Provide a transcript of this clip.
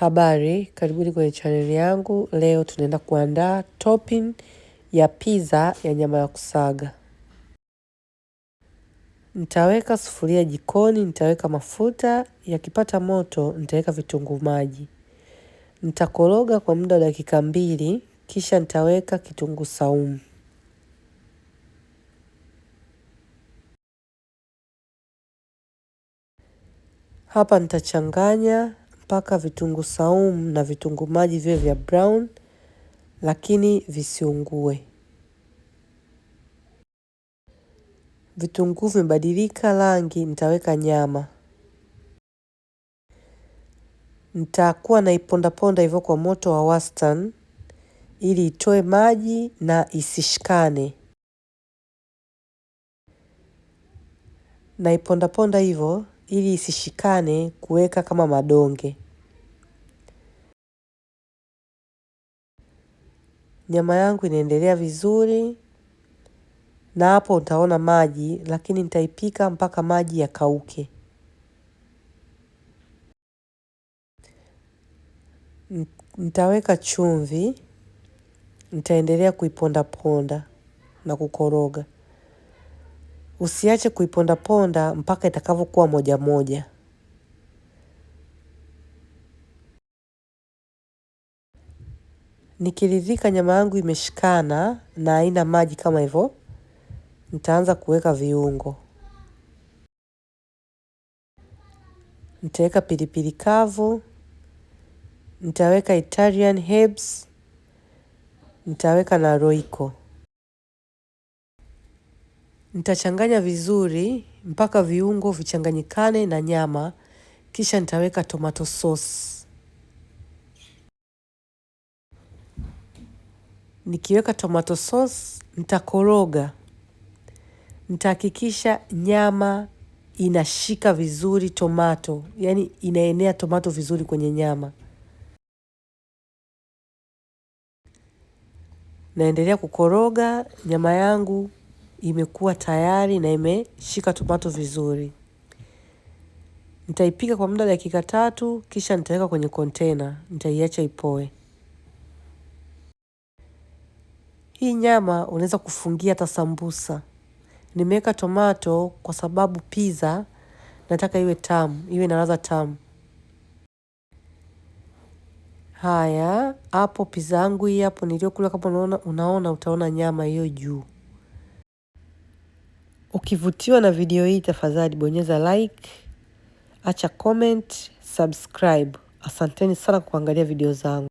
Habari, karibuni kwenye chaneli yangu. Leo tunaenda kuandaa topping ya pizza ya nyama ya kusaga. Nitaweka sufuria jikoni, nitaweka mafuta, yakipata moto nitaweka vitunguu maji. Nitakoroga kwa muda wa dakika mbili, kisha nitaweka kitunguu saumu. Hapa nitachanganya paka vitungu saumu na vitunguu maji vile vya brown lakini visiungue. Vitunguu vimebadilika rangi, nitaweka nyama. Nitakuwa naipondaponda hivyo kwa moto wa wastani ili itoe maji na isishikane. Naipondaponda hivyo ili isishikane, kuweka kama madonge. nyama yangu inaendelea vizuri, na hapo utaona maji, lakini nitaipika mpaka maji yakauke. Nitaweka chumvi, nitaendelea kuipondaponda na kukoroga. Usiache kuipondaponda mpaka itakavyokuwa moja moja. Nikiridhika nyama yangu imeshikana na haina maji kama hivyo, nitaanza kuweka viungo. Nitaweka pilipili kavu, nitaweka Italian herbs, nitaweka na roiko. Nitachanganya vizuri mpaka viungo vichanganyikane na nyama, kisha nitaweka tomato sauce. Nikiweka tomato sauce, nitakoroga, nitahakikisha nyama inashika vizuri tomato, yaani inaenea tomato vizuri kwenye nyama. Naendelea kukoroga, nyama yangu imekuwa tayari na imeshika tomato vizuri. Nitaipika kwa muda dakika tatu, kisha nitaweka kwenye kontena, nitaiacha ipoe. Hii nyama unaweza kufungia hata sambusa. Nimeweka tomato kwa sababu pizza nataka iwe tamu, iwe na ladha tamu. Haya, hapo pizza yangu hii hapo niliyokula, kama unaona, unaona utaona nyama hiyo juu. Ukivutiwa na video hii, tafadhali bonyeza like, acha comment, subscribe. Asanteni sana kwa kuangalia video zangu.